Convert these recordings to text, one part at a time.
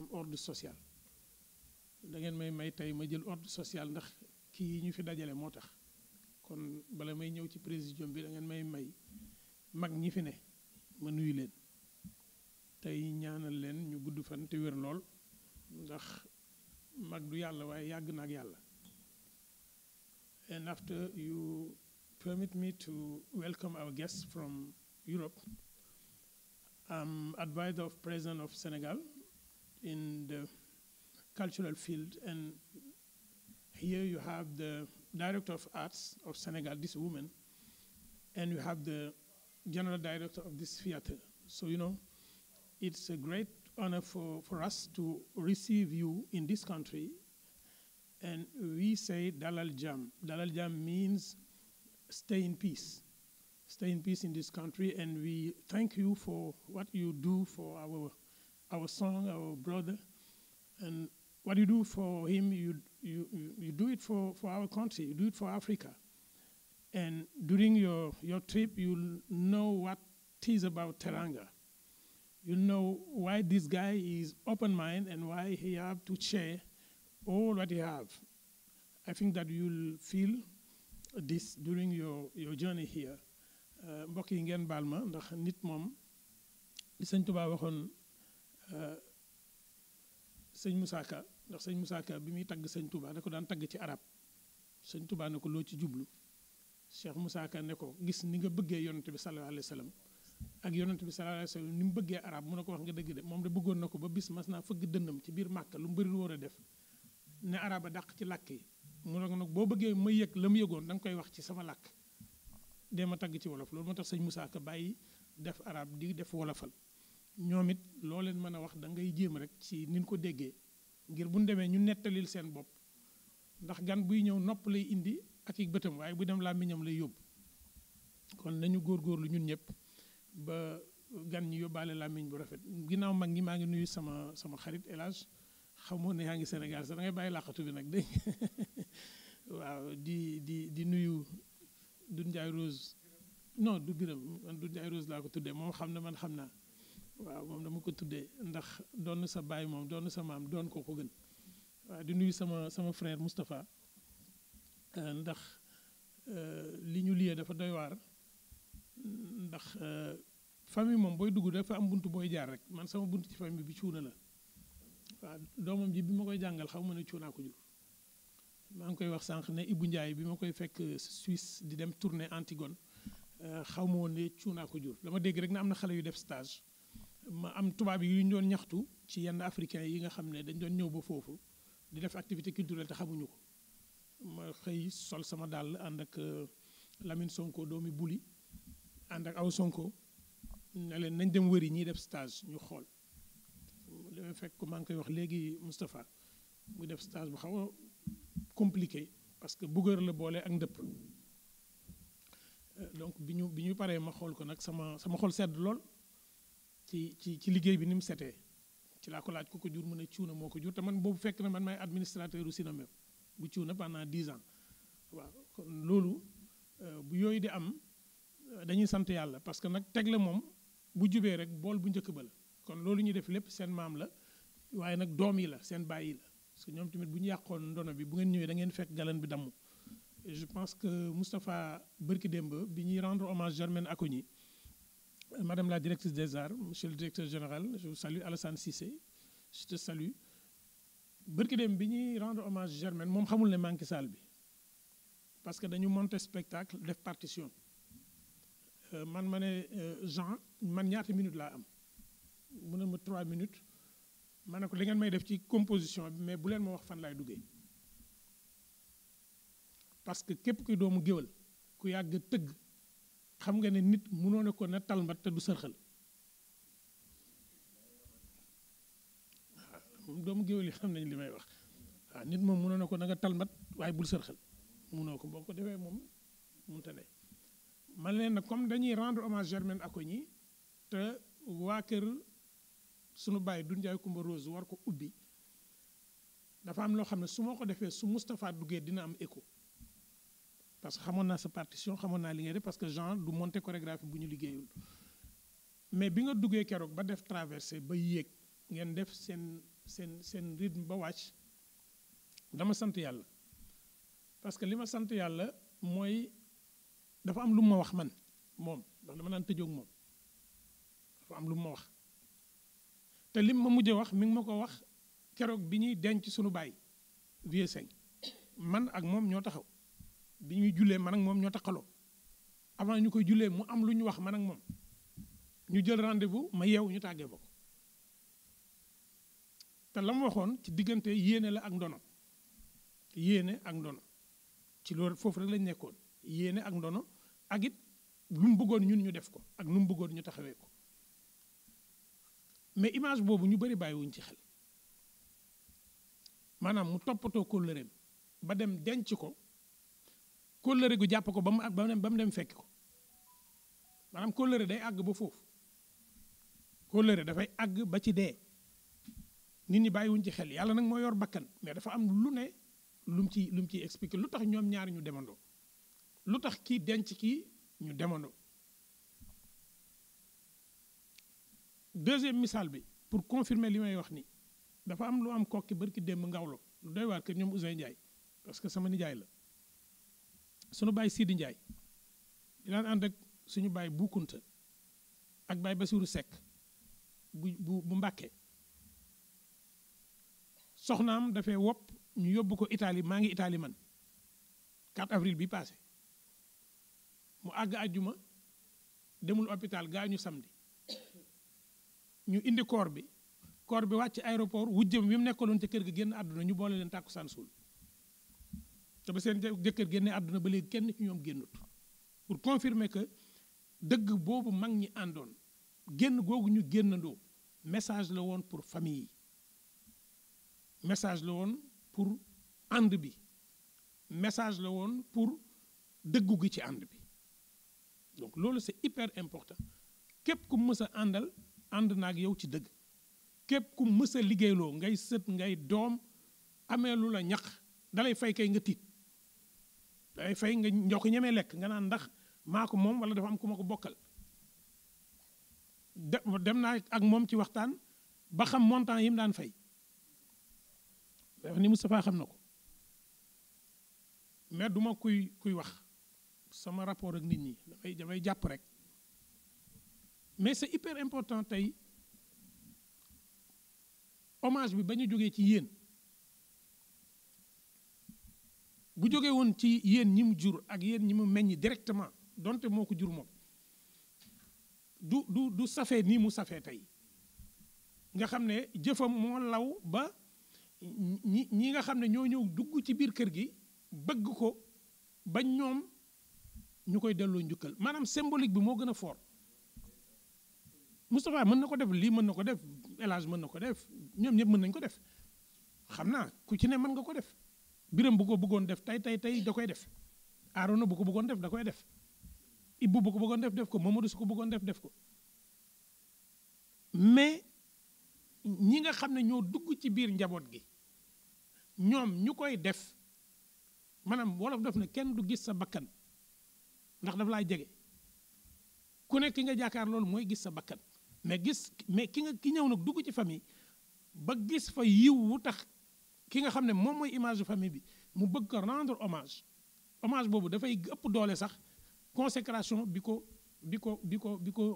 am ordre social da ngeen may may tey ma jël ordre social ndax kii ñu fi dajale moo tax kon bala may ñëw ci présidium bi da ngeen may may mag ñi fi ne ma nuyu leen tey ñaanal leen ñu gudd fan te wér lool ndax mag du yàlla waaye yàgg yàlla and after you permit me to welcome our guests from Europe I'm advisor of President of Senegal in the cultural field. And here you have the director of arts of Senegal, this woman, and you have the general director of this theater. So, you know, it's a great honor for, for us to receive you in this country. And we say Dalal Jam. Dalal Jam means stay in peace. Stay in peace in this country. And we thank you for what you do for our our son, our brother. And what you do for him, you, you, you do it for, for our country, you do it for Africa. And during your, your trip, you know what is about Teranga. You know why this guy is open mind and why he have to share all what he have. I think that you'll feel this during your, your journey here. Uh, mbokk yi ngeen baal ma ndax nit moom li sëñ waxoon sëñ Moussa Ka ndax sëñ Moussa Ka bi muy tagg sëñ Touba da ko daan tagg ci arab sëñ Touba ne ko loo ci jublu Cheikh Moussa Ka ne ko gis ni nga bëggee yonent bi sallallahu alayhi wa ak yonent bi sallallahu alayhi ni mu bëggee araab mu ne ko wax nga dëgg de moom de bëggoon na ko ba bis mas naa fëgg dënnam ci biir màkka lu mu bëri lu war a def ne arab a dàq ci làkk yi mu ne ko nag boo bëggee ma yëg la mu yëgoon danga koy wax ci sama làkk dee ma tagg ci wolof loolu moo tax sëñ Moussa Ka def arab di def wolofal ñoom it loo leen mën a wax dangay ngay jéem rek ci nin ko déggee ngir bu ñu demee ñu nettalil seen bopp ndax gan buy ñëw nopp lay indi ak i bëtam waaye bu dem làmmiñam lay yóbbu kon nañu góorgóorlu ñun ñëpp ba gan ñi yóbbaale làmmiñ bu rafet ginnaaw mag ñi maa ngi nuyu sama sama xarit El Hadj xamoon ne yaa ngi senegal sax da bàyyi làqatu bi nag dégg waaw di di di nuyu Doudou Ndiaye Rose non du biram man Doudou Ndiaye Rose laa ko tuddee moom xam ne man xam naa waaw moom dama ko tuddee ndax doon sa baay moom doon sa maam doon koo ko gën waaw di nuyu sama sama frère mustapha euh, ndax euh, li ñu liyee dafa doy waar ndax euh, famille moom booy dugg dafa am bunt booy jaar rek man sama bunt ci famille bi cuuna la waaw doomam ji bi ma koy jàngal xaw ma ne cuunaa ko jur maa ngi koy wax sànq ne Ibou njaay bi ma koy fekk Suisse di dem tournée Antigone xaw ma woon ne cuunaa ko jur dama dégg rek na am na xale yu def stage ma am tubaab yi yu ñu doon ñaxtu ci yenn africain yi nga xam ne dañ doon ñëw ba foofu di def activité culturelle te xamuñu ko ma xëy sol sama dàll ànd ak Lamine Sonko doomi Buli ànd ak aw Sonko ne leen nañ dem wëri ñiy def stage ñu xool li may fekk maa ngi koy wax léegi mustapha muy def stage bu xaw a compliqué parce que bugër la boole ak ndëpp donc bi ñu bi ñu paree ma xool ko nag sama sama xol sedd lool ci ci ci liggéey bi ni mu setee ci laa ko laaj ku ko jur mu ne cuuna moo ko jur te man boobu fekk na man may administrateur u Sinomé bu cuuna pendant dix ans waaw kon loolu euh, bu yooyu di am euh, dañuy sant yàlla parce que nag tegle moom bu jubee rek bool bu njëkk ba la kon loolu ñu def lépp seen maam la waaye nag doom yi la seen baay la parce que ñoom tamit bu ñu yàqoon ndono bi bu ngeen ñëwee da ngeen fekk galan bi damm je pense que Moustapha Barki démb bi ñuy rendre hommage Germaine Acogny Madame la directrice des arts, monsieur le directeur général, je vous salue, Alassane Cissé, je te salue. bërki dem rendre hommage Germaine mon xamul ne manque salle bi parce que dañu monter spectacle def partition euh, man ma euh, Jean man ñaata minute laa am mu 3 minutes Je ne ko da ngeen may def ci composition mais bu leen ma wax fan laay duggee parce que képp kuy doomu géwal ku yàgg tëgg xam nga ne nit mënoo ne ko na talmat te du sërxal waaw doomu géwél yi xam nañ li may wax waaw nit moom mënoo ne ko na nga talmat waaye bul sërxal mënoo ko boo ko defee moom mënta ne man leen nag comme dañuy rendre hommage Germaine Acogny te waa kër sunu bàyyi Doudou jaay Coumba Rose war ko ubbi dafa am loo xam ne su ma ko defee su Moustapha duggee dina am écho parce que xamoon naa sa partition xamoon naa li ngay def parce que Jean du monter chorégraphie bu ñu liggéeyul mais bi nga duggee keroog ba def traversé ba yéeg ngeen def seen seen seen rythme ba wàcc dama sant yàlla parce que li ma sant yàlla mooy dafa am lu ma wax man moom ndax dama naan tëjoog moom dafa am lu ma wax te lim ma mujjee wax mi ngi ma ko wax keroog bi ñuy denc suñu baay vieux sëñ man ak moom ñoo taxaw bi ñuy jullee man ak moom ñoo takkaloo avant ñu koy jullee mu am lu ñu wax man ak moom ñu jël rendez-vous ma yeew ñu tàggee ko te la mu waxoon ci diggante yéene la ak ndono yéene ak ndono ci loolu foofu rek lañ nekkoon yéene ak ndono ak it lu mu bëggoon ñun ñu def ko ak lu mu bëggoon ñu taxawee ko mais image boobu ñu bëri bàyyiwuñ ci xel maanaam mu toppatoo kóllëreem ba dem denc ko kóllëre gu jàpp ko ba mu ba mu dem fekk ko maanaam kóllëre day àgg ba foofu kóllëre dafay àgg ba ci dee nit ñi bàyyiwuñ ci xel yàlla nag moo yor bakkan mais dafa am lu ne lum ci lum ci ciy expliqué lu tax ñoom ñaar ñu demandoo lu tax kii denc kii ñu demandoo deuxième misal bi pour confirmer li may wax ni dafa am lu am kokki barki démb ngawlo lu doy waar kër ñoom Ousseyn Ndiaye parce que sama nijaay la sunu baay Sidi Ndiaye di daan ànd ak suñu baay Boukounta ak baay Basiru Seck bu bu bu Mbàkke soxnaam dafay wopp ñu yóbbu ko Italie maa ngi Italie man 4 avril bi passé mu àgg àjjuma demul hôpital gaañu samedi ñu indi koor bi koor bi wàcc aéroport wujjëm wi mu nekkaloon ca kër ga génn àdduna ñu boole leen tàkkusaan suul te ba seen jëkkër génne àdduna ba léegi kenn ci ñoom génnut pour confirmer que dëgg boobu mag ñi àndoon génn googu ñu génnandoo message la woon pour famille yi message la woon pour ànd bi message la woon pour dëggu gi ci ànd bi donc loolu c'est hyper important képp ku mës a àndal ànd naag yow ci dëgg képp ku mës a liggéeyloo ngay sët ngay doom amee lu la ñax dalay fay kay nga tiit ay fay nga ñoo ko ñemee lekk nga naan ndax maa ko moom wala dafa am ku ma ko bokkal dem naa ak moom ci waxtaan ba xam montant yi mu daan fay ni xam na ko mais du kuy kuy wax sama rapport ak nit ñi dafay dafay jàpp rek mais c'est hyper important tey hommage bi ba ñu jógee ci yéen bu jógee woon ci yéen ñi mu jur ak yéen ñi mu meññ directement donte moo ko jur moom du du du safee nii mu safee tey nga xam ne jëfam moo law ba ñi ñi nga xam ne ñoo ñëw dugg ci biir kër gi bëgg ko ba ñoom ñu koy delloo njukkal maanaam symbolique bi moo gën a fort Moustapha mën na ko def lii mën na ko def élage mën na ko def ñoom ñëpp mën nañ ko def xam naa ku ci ne mën nga ko def. biram bu ko bëggoon def tey tey tey da koy def aarona bu ko buggoon def da koy def ibbu bu ko bëggoon def def ko mamadou su ko bëggoon def def ko mais ñi nga xam ne ñoo dugg ci biir njaboot gi ñoom ñu koy def maanaam wolof def na kenn du gis sa bakkan ndax daf laay jege ku nekk ki nga jaakaar loolu mooy gis sa bakkan mais gis mais ki nga ki ñëw nag dugg ci famille ba gis fa yiw wu tax ki nga xam ne moom mooy image famille bi mu bëgg ko rendre hommage hommage boobu dafay ëpp doole sax consécration bi ko bi ko bi ko bi ko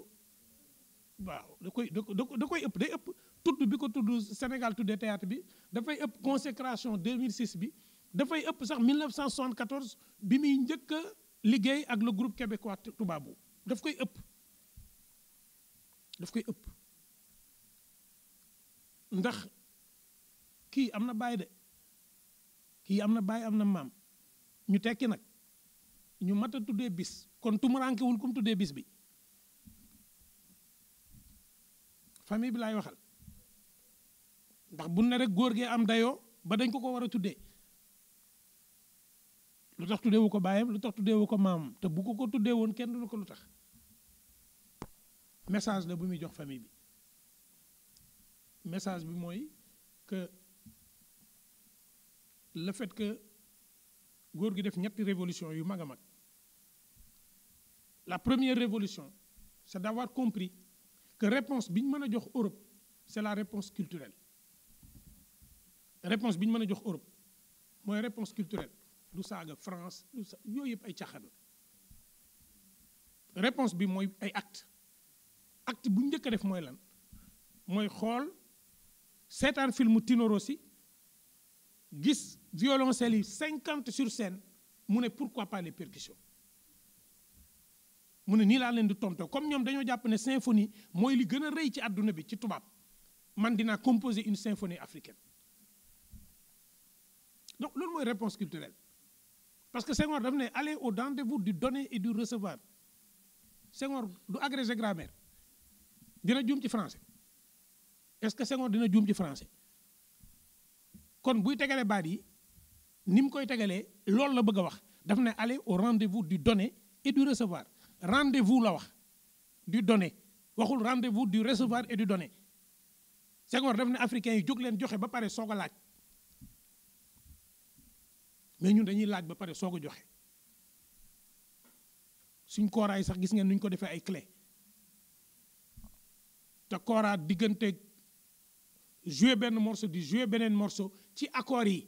waaw da koy da koy ëpp day ëpp tudd bi ko tudd Sénégal tuddee théâtre bi dafay ëpp consécration 2006 bi dafay ëpp sax 1974 bi muy njëkk a liggéey ak le groupe québécois Toubabou daf koy ëpp daf koy ëpp ndax kii am na baay de kii am na baay am na maam ñu tekki nag ñu mat a tuddee bis kon tumurankewul kum tuddee bis bi famille bi laay waxal ndax bu ne rek góor gee am dayoo ba dañ ko ko war a tuddee lu tax tuddee wu ko baayam lu tax tuddee wu ko maamam te bu ko ko tuddee woon kenn du ko lu tax message la bu muy jox famille bi message bi mooy le fait que góor gi def ñetti révolution yu mag a mag la première révolution c'est d'avoir compris que réponse bi ñu mën a jox Europe c'est la réponse culturelle réponse bi ñu mën a jox Europe mooy réponse culturelle du saaga France du sa yooyu yëpp ay caaxaan réponse bi mooy ay acte acte bu njëkk a def mooy lan mooy xool seetaan film Tino Rossi gis violoncelle yi 50 sur scène mu pourquoi pas les percussions mu ne nii laa leen di tontoo comme ñom dañoo japp ne symphonie moy li gëna a ci aduna bi ci tubaab man dina composer une symphonie africaine donc lool une réponse culturelle parce que seigneur daf ne aller au rendez-vous du donner et du recevoir seigneur du agrégé grammaire dina un ci français est-ce que Senghor dina joom ci français kon buy tégalé baat yi ni mu koy tegalee loolu la bëgg a wax daf ne aller au rendez-vous du donner et du recevoir rendez-vous la wax du donner waxul rendez-vous du recevoir et du donner Senghor daf ne africain yi jóg leen joxe ba pare soog a laaj mais ñun dañuy laaj ba pare soog a joxe suñ kooraay sax gis ngeen nuñ ko defee ay clé te kooraa diggante jouer benn morceau di jouer beneen morceau ci accord yi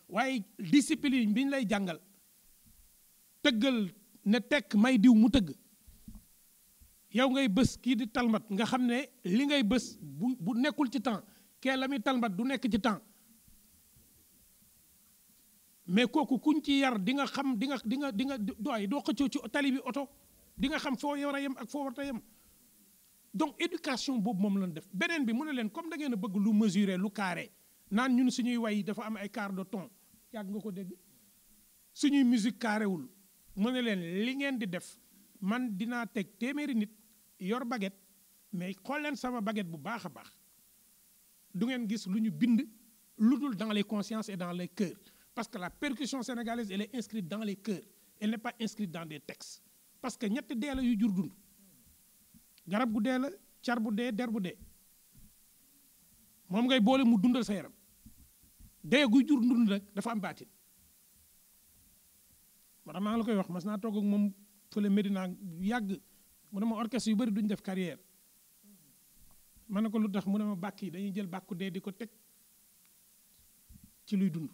waaye discipline bi ñu lay jàngal tëggal ne tekk may diw mu tëgg yow ngay bës kii di talmat nga xam ne li ngay bës bu nekkul ci temps kee la muy talmat du nekk ci temps mais kooku kuñ ci yar di nga xam di nga di nga di nga doy doo xëccoo ci tali bi oto di nga xam foo war a yem ak foo war yam yem donc éducation boobu moom lañ def beneen bi mu ne leen comme da ngeen a bëgg lu mesurer lu carré naan ñun suñuy way dafa am ay quart de ton yàgg nga ko dégg suñuy musique carréwul mu ne leen li ngeen di def man dinaa teg téeméeri nit yor baguette mais xool leen sama baguette bu baax a baax du ngeen gis lu ñu bind lu dul dans les consciences et dans les cœurs parce que la percussion sénégalaise elle est inscrite dans les cœurs elle n'est pas inscrite dans des textes parce que ñetti dee la yu jur dund garab gu dee la car bu dee der bu dee moom ngay boole mu dundal sa yaram dee guy jur ndund rek dafa am baatin moo tax maa ngi la koy wax mas naa toog ak moom fële Medina yàgg mu ne ma orchestre yu bari duñ def carrière ma ne ko lu tax mu ne bàkk yi dañuy jël bàkku dee di ko teg ci luy dund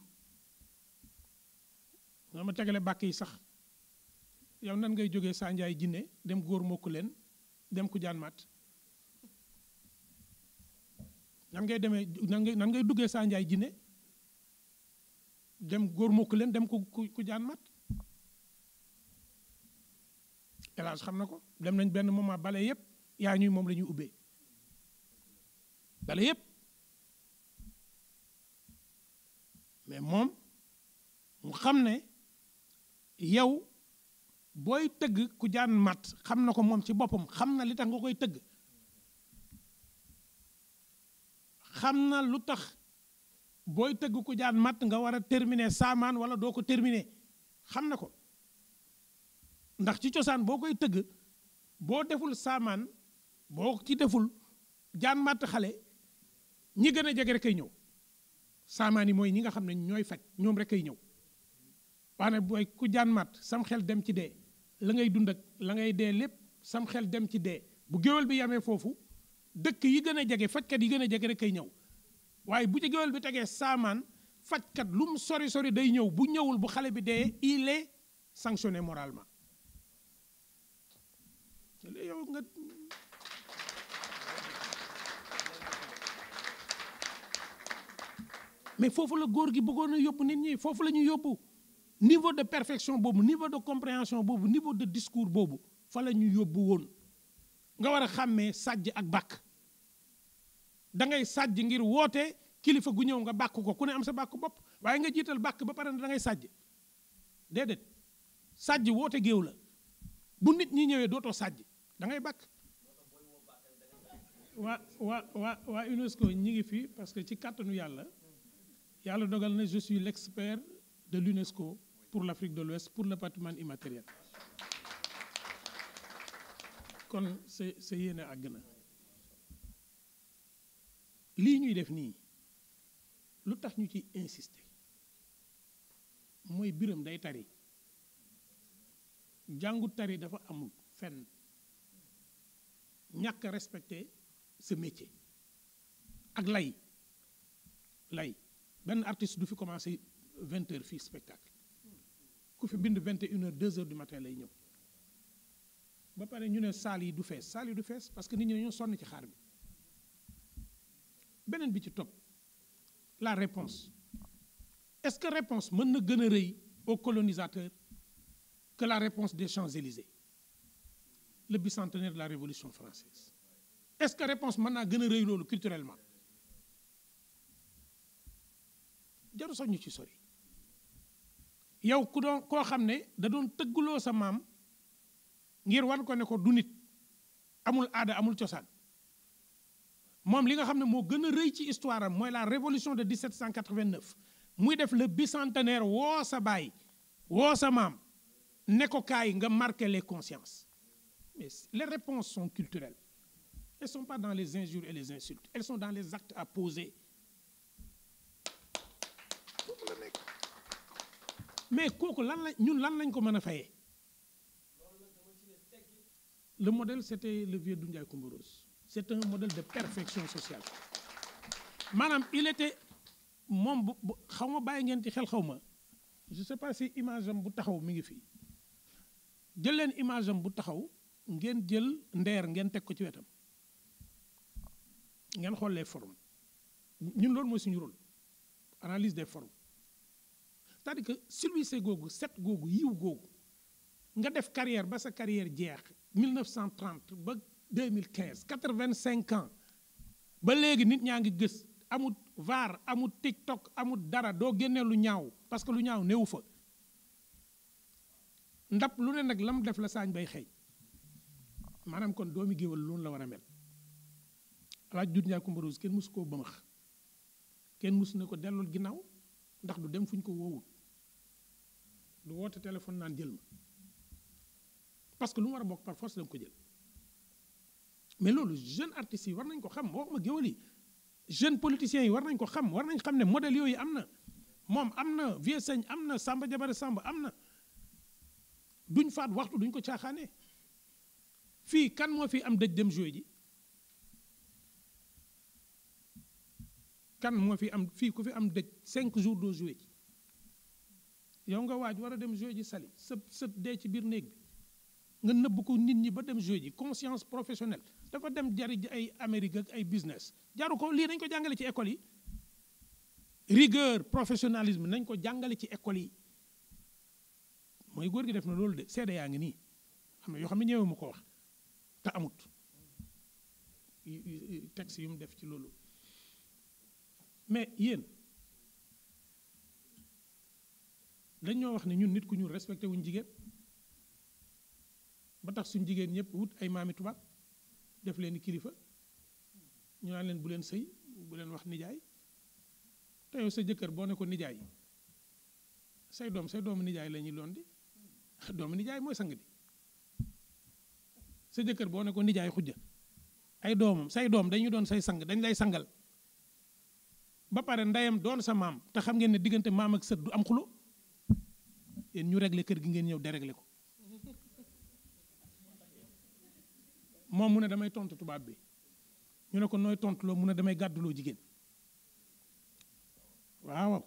mu ne ma tegale bàkk yi sax yow nan ngay jógee Sanjaay jinne dem góor mokku leen dem ku jaan mat nan ngay demee nan ngay nan ngay duggee Sanjaay jinne dem góor mukk leen dem ku ku jaan mat hélas xam na ko dem nañ benn moment bale yëpp yaa ñuy moom la ñuy ubbee bale yëpp mais moom mu xam ne yow booy tëgg ku jaan mat xam na ko moom ci boppam xam na li tax nga koy tëgg xam na lu tax booy tëgg ku jaan matt nga war a terminer saamaan wala doo ko terminer xam na ko ndax ci cosaan boo koy tëgg boo deful saamaan boo ci deful jaan matt xale ñi gën a jege rek kay ñëw saamaan yi mooy ñi nga xam ne ñooy faj ñoom rek kay ñëw waane booy ku jaan matt sam xel dem ci dee la ngay dund ak la ngay dee lépp sam xel dem ci dee bu géwél bi yamee foofu dëkk yi gën a jege fajkat yi gën a jege rek kay ñëw waaye bu ci bi tegee saamaan fajkat lu mu sori sori day bu bu bi il est sanctionné moralement mais foofu la góor gi bëggoon a ñi niveau de perfection boobu niveau de compréhension boobu niveau de discours boobu fa la ñu yóbbu nga war ak da ngay sajj ngir wote kilifa gu ñew nga bakku ko ku ne am sa bakku bop waye nga jital bakku ba pare da ngay sajj dedet sajj wote geew la bu nit ñi ñewé doto sajj da ngay bak wa wa wa wa UNESCO ñi ngi fi parce que ci kàttanu yalla yalla dogal na je suis l'expert de l'UNESCO pour l'Afrique de l'Ouest pour le patrimoine immatériel kon c'est c'est yene agna. li ñuy def nii lu tax ñu ci insister mooy biram day tari tari dafa amul fenn nous avons respecter ce métier ak lay lay artiste du fi commencé 20 heures fii spectacle ku fi bind vingt et une heures du matin lay ñëw ba pare ñu ne du parce que nous ñi ci bi ci la réponse est-ce que la réponse mën na gën aux colonisateurs que la réponse des Champs-Élysées le bicentenaire de la Révolution française est-ce que la réponse mën naa gën a rëy loolu culturellement jaru sax ñu ci sori yow ku doon koo xam ne da doon tëgguloo sa maam ngir wan ko ne ko du nit amul aada amul cosaan moom li nga xam ne moo gën ci histoire la révolution de 1789 muy def le bicentenaire woo sa baay woo sa maam ne ko nga marquer les consciences mais les réponses sont culturelles elles sont pas dans les injures et les insultes elles sont dans les actes à poser mais kooku lan lan lañ a le modèle c'était le vieux Doundiaye Coumba c'est un modèle de perfection sociale Madame, il était mom bu xaw ma ngeen ci xel xawma je sais pas si image am bu taxaw mi ngi fi jël leen image am bu taxaw ngeen jël ndeer ngeen tek ko ci wetam ngeen xool les formes ñun lool moy suñu rôle analyse des formes c'est-à-dire que silvissé googu set gogo, yiw googu nga def carrière ba sa carrière jeex 1930 ba 2015 85 ans ba léegi nit ñaa ngi gis amut vaar amut tiktok amut dara doo génnee lu ñaaw parce que lu ñaaw néewu fa ndab lu ne nag lam def la saañ bay xëy maanaam kon doomi géwél loolu la war a mel alaaj dut ñaa Coumba Rose kenn mësu koo bëmax kenn ne ko dellul ginnaaw ndax du dem fuñ ko woowul du woote téléphone naan jël ma parce que lu mu war a bokk par force da nga ko jël mais loolu jeune artistes yi war nañ ko xam waxuma géwël yi jeune politiciens yi war nañ ko xam war nañ xam ne modèle yooyu am na moom am na Vieux Seigne am na Samba Jabare Samba am na duñ faat waxtu duñ ko caaxaanee fii kan moo fi am dëj dem jouer ji kan moo fi am fii ku fi am dëj cinq jours doo jouer ji yow nga waaj war a dem jouer ji sali sa sa dee ci biir néeg bi nga nëbb ko nit ñi ba dem jeu ji conscience professionnelle dafa dem jari ay Amérique ak ay business jaru ko lii nañ ko jàngale ci école yi rigueur professionnalisme nañ ko jàngale ci école yi mooy góor gi def na loolu de seede yaa ngi nii am na yoo xam ne ñëwee mu ko wax te amut texte yu mu def ci loolu mais yéen dañ ñoo wax ne ñun nit ku ñu respecté wuñ jigéen ba tax suñu jigéen ñëpp wut ay maami tubaab def leen kilifa ñu naan leen bu leen sëy bu leen wax nijaay te sa jëkkër boo ne ko nijaay say doom say doomu nijaay la ñuy doon di doomu mooy sang bi boo ne ko xujja ay doomam say doom dañuy doon say sang dañ lay sangal ba pare ndeyam doon sa maam te xam ngeen ne diggante maam ak sët du am xulo yéen ñu régler kër gi ngeen ñëw déréglé ko moom mu ne damay tontu tubaab bi ñu ne ko nooy tontuloo mu ne damay gàdduloo jigéen waaw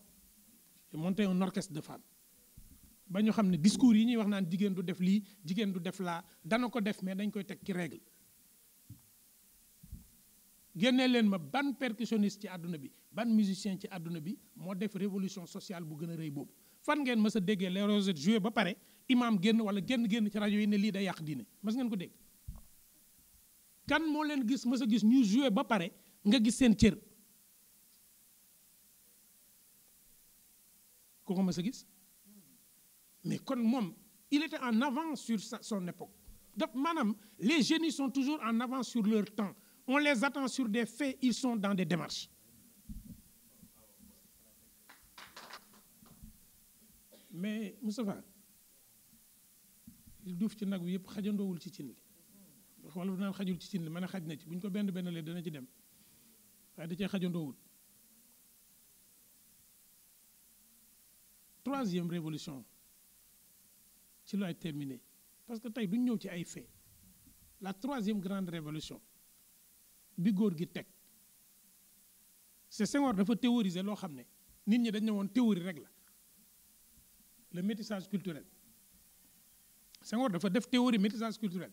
te monté un orchestre de femmes ba ñu xam ne discours yi ñuy wax naan jigéen du def lii jigéen du def laa dana ko def mais dañ koy teg ci règle génnee leen ma ban percussionniste ci àdduna bi ban musicien ci àdduna bi moo def révolution sociale bu gën a rëy boobu fan ngeen mës a déggee les rosettes joué ba pare imam génn wala génn génn ci rajo yi ne lii day yàq diine mas ngeen ko dégg quand moo leen gis mës a gis ñu joué ba pare nga gis seen cër ko mais kon moom il était en avance sur son époque donc les génies sont toujours en avance sur leur temps on les attend sur des faits ils sont dans des démarches mais Moustapha duuf ci nag yëpp ci cin xam nga naan xajul ci cin li mën a xaj na ci buñ ko benn benn lee dana ci dem waaye da cee xajandoowut troisième révolution ci lay terminé parce que tey duñ ñëw ci ay fait la troisième grande révolution bi góor gi teg c'est Senghor dafa théoriser loo xam ne nit ñi dañ ne woon théorie rek la le métissage culturel Senghor dafa def théorie métissage culturel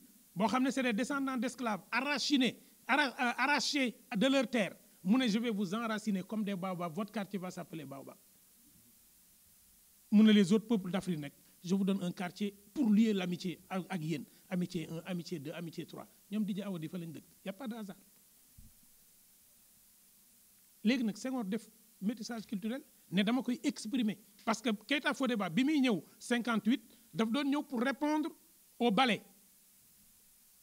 Vous xam des descendants d'esclaves euh, arrachés de leur terre je vais vous enraciner comme des baobabs votre quartier va s'appeler baobab les autres peuples d'Afrique je vous donne un quartier pour lier l'amitié à yéen amitié 1 amitié 2 amitié 3 ñoom di fa a pas de hasard léegi nag Senghor def métissage culturel ne dama koy exprimer parce que Keita Fodeba bi muy ñëw 58 daf doon ñëw pour répondre au ballet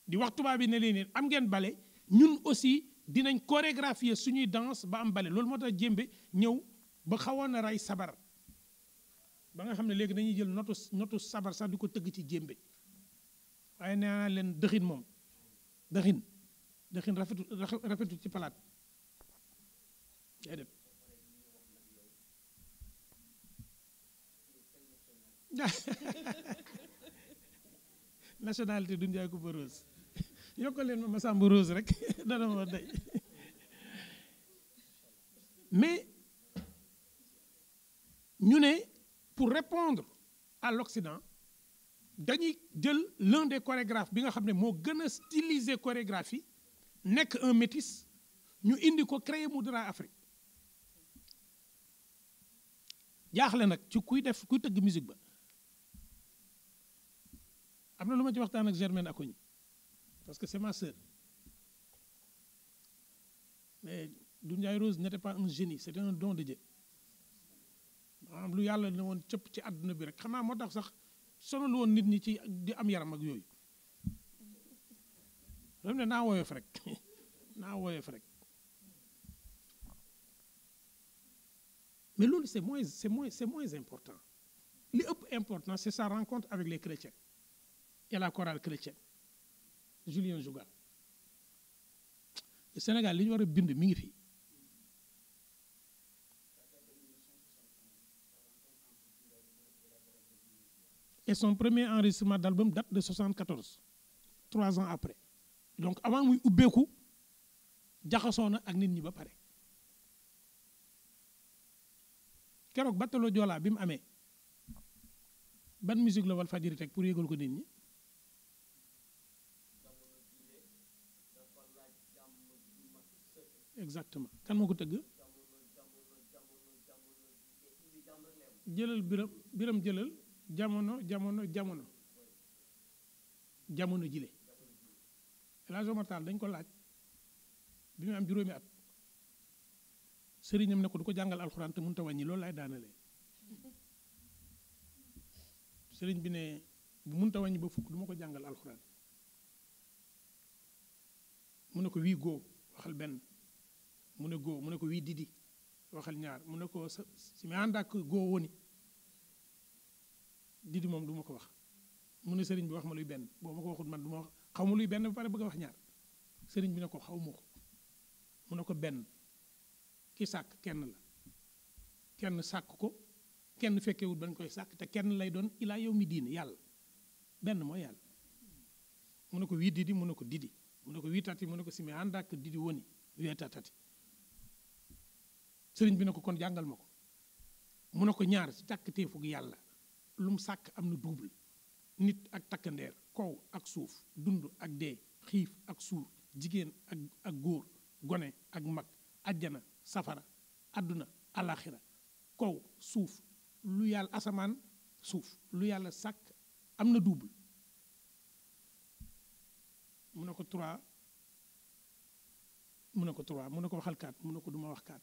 di wax tubaab yi ne leen am ngeen bale ñun aussi dinañ chorégraphier suñuy danse ba am bale loolu moo tax jémbe ñëw ba xawoon a rey sabar ba nga xam ne léegi dañuy jël notu notu sabar sax di ko tëgg ci jémbe waaye nee leen dëxin moom dëxin dëxin rafetu rafetu ci palaat déedéet nationalité du Ndiaye Coumba yokkal leen ma Massamba Rose rek dana ma day mais ñu ne pour répondre à l'Occident dañuy jël l'un des chorégraphes bi nga xam ne moo gën a styliser chorégraphie nekk un métis ñu indi ko créer Moudra Afrique jaaxle nag ci kuy def kuy tëgg musique ba am na lu ma ci waxtaan ak Germaine Acogny parce que c'est ma sœur. Mais Doudou Rose n'était pas un génie, c'était un don de Dieu. maanaam lu yàlla ne woon un ci àdduna bi rek a moo tax sax sonal woon nit ñi ci di am yaram ak ne rek mais loolu c'est moins c'est moins c'est moins important Le plus important c'est sa rencontre avec les chrétiens et la chorale chrétienne. Julien Le Sénégal il ñu a bind et son premier enregistrement d'album date de 74 trois ans après donc avant muy ubbeeku jaxasoo ak nit ñi ba pare Batalo bi mu ban musique la pour yëgal ko nit exactement kan moo ko tëgg jëlal biram biram jëlal jamono jamono jamono jamono jile El dañ ko laaj bi mu am juróomi at sëriñam ne ko du ko jàngal alxuraan te mënut a wàññi loolu laay daanalee sëriñ bi ne bu mënut a wàññi ba fukk du ko jàngal alxuraan mu ne ko wii góo waxal benn mu ne góo mu ne ko wii didi waxal ñaar mu ne ko sa si mi ànd ak moom duma ko wax mu ne sëriñ bi wax ma luy benn boo ma ko waxul man du ma wax xaw ma luy benn ba pare bëgg a wax ñaar sëriñ bi ne ko xaw ma ko mu ne ko benn ki sàkk kenn la kenn sàkk ko kenn fekkewut bañ koy sàkk te kenn lay doon ilaa yow mi diine yàlla benn mooy yàlla mu ne ko wii didi mu ne ko didi mu ne ko wii tati mu ne ko simi ànd ak didi woni wee sëriñ bi ne ko kon jàngal ma ko mu ne ko ñaar si tàkkateefug yàlla lu mu sàkk am na double nit ak takkandeer kow ak suuf dund ak dee xiif ak suur jigéen ak ak góor gone ak mag ajjana safara àdduna alaxira kaw suuf lu yàlla asamaan suuf lu yàlla sàkk am na double mu ne ko trois mu ne ko trois mu ne ko waxal kaat mu ne ko duma wax kaat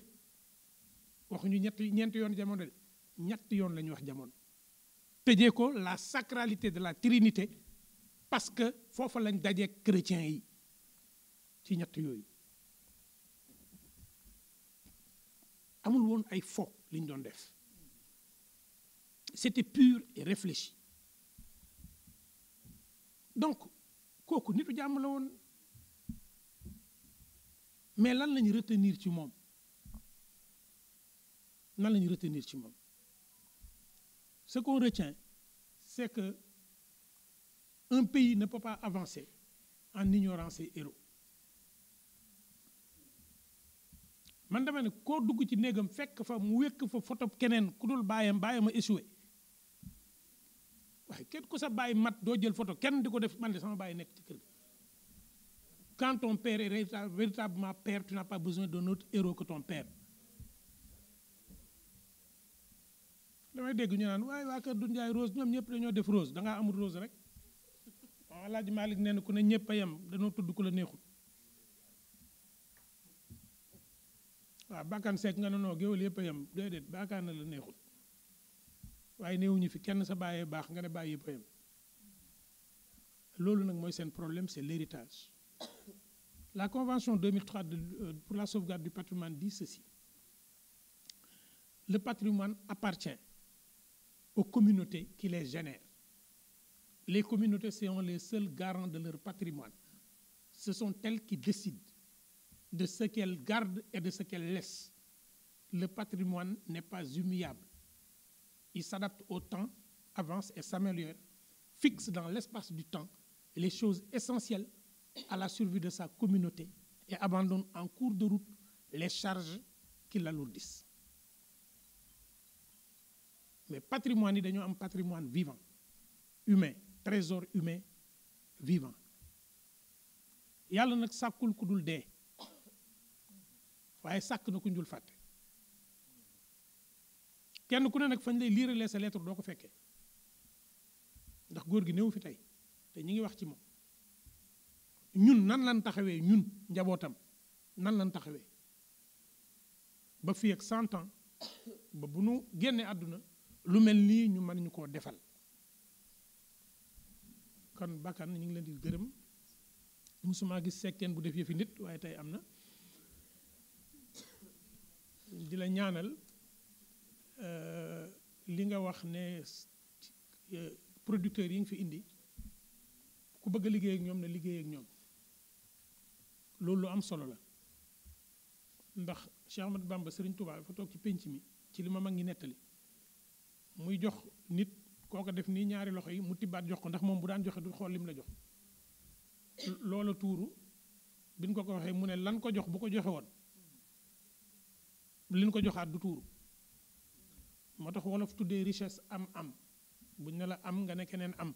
waxuñu ñetti la sacralité de la trinité parce que foofa lañ chrétiens yi ci amul ay doon c'était pur et réfléchi donc kooku nitu jàmm la woon mais lan lañ retenir ci nan lañu retenir ci moom ce qu'on retient c'est que un pays ne peut pas avancer en ignorant ses héros man dama ne koo dugg ci néegam fekk fa mu wékk fa photo keneen ku dul bàyyam bàyyam a échoué waaye kenn ku sa bàyyi mat doo jël photo kenn di ko def man de sama bàyyi nekk ci kër quand ton père est véritablement père tu n'as pas besoin d'un autre héros que ton père damay dégg ñu naan waaye waa kër Doudou Ndiaye rose ñoom ñëpp dañoo def rose da dangaa amul rose rek Alaaji Malick nee na ku ne ñëpp a yem dañoo tudd ku la neexul waaw bàkkan seek nga ne noo géwél yëpp a yem déedéet bàkkaan na la neexul waaye neewuñu fi kenn sa bàyyee baax nga ne bàyyi yëpp a yem loolu nag mooy seen problème c'est l'héritage la convention 2003 de, euh, pour la sauvegarde du patrimoine dit ceci le patrimoine appartient aux communautés qui les génèrent. Les communautés sont les seuls garants de leur patrimoine. Ce sont elles qui décident de ce qu'elles gardent et de ce qu'elles laissent. Le patrimoine n'est pas humiliable. Il s'adapte au temps, avance et s'améliore, fixe dans l'espace du temps les choses essentielles à la survie de sa communauté et abandonne en cours de route les charges qui l'alourdissent mais patrimoine est un patrimoine vivant humain trésor humain vivant yàlla est le ku dul dee waaye sàkk na ku njul fàtte kenn ku ne nag fañ lay lire sa lettre doo ko fekkee ndax góor gi néew fi tey te ñu ngi wax ci moom ñun nan lan taxawee ñun njabootam nan lan taxawee ba fii ak 100 ans ba bu nu les lu mel nii ñu mën ñu koo defal kon bakkan ñu ngi leen di gërëm musuma gis sekteen bu def yëfi nit waaye tey am na di la ñaanal eh, li nga wax ne eh, producteurs yi nga fi indi ku bëgg a liggéey ak ñoom ne liggéey ak ñoom loolu lu am solo la ndax Cheikh Ahmadou Bamba Serigne Touba dafa toog ci pénc mi ci li ma mag ngi nettali muy jox nit kooko def nii ñaari loxo yi mu tibbaat jox ko ndax moom bu daan joxee du xool lim la jox loola tuuru biñ ko ko waxee mu ne lan ko jox bu ko joxe woon liñ ko joxaat du tuuru moo tax wolof tuddee richesse am am buñ ne la am nga ne keneen am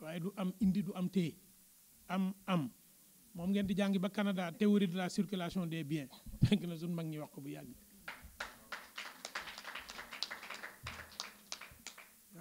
waaye du am indi du am téye am am moom ngeen di jàngi ba Canada théorie de la circulation des biens fekk na suñ mag ñi wax ko bu yàgg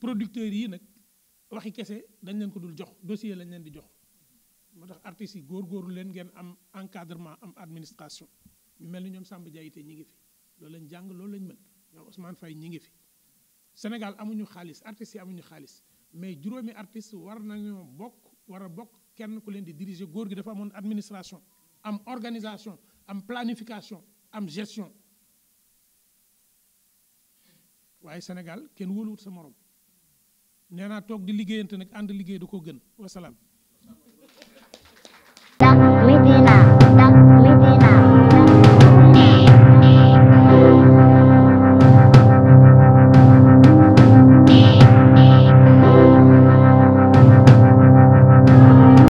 producteur yii nag waxi kese dañ leen ko dul jox dossier lañ leen di jox moo tax artistes yi góorgóorlu leen ngeen am encadrement am administration ñu mel ni ñoom Samba Diaye te ñi ngi fi loolu lañ jàng loolu lañ mën ñoom Ousmane fay ñi ngi fi Sénégal amuñu xaalis artistes yi amuñu xaalis mais juróomi artistes war nañoo bokk war a bokk kenn ku leen di diriger góor gi dafa amoon administration am organisation am planification am gestion waaye Sénégal kenn wóoluwut sa morom nee naa toog di liggéeyante nag ànd liggéey da ko gën wasalaam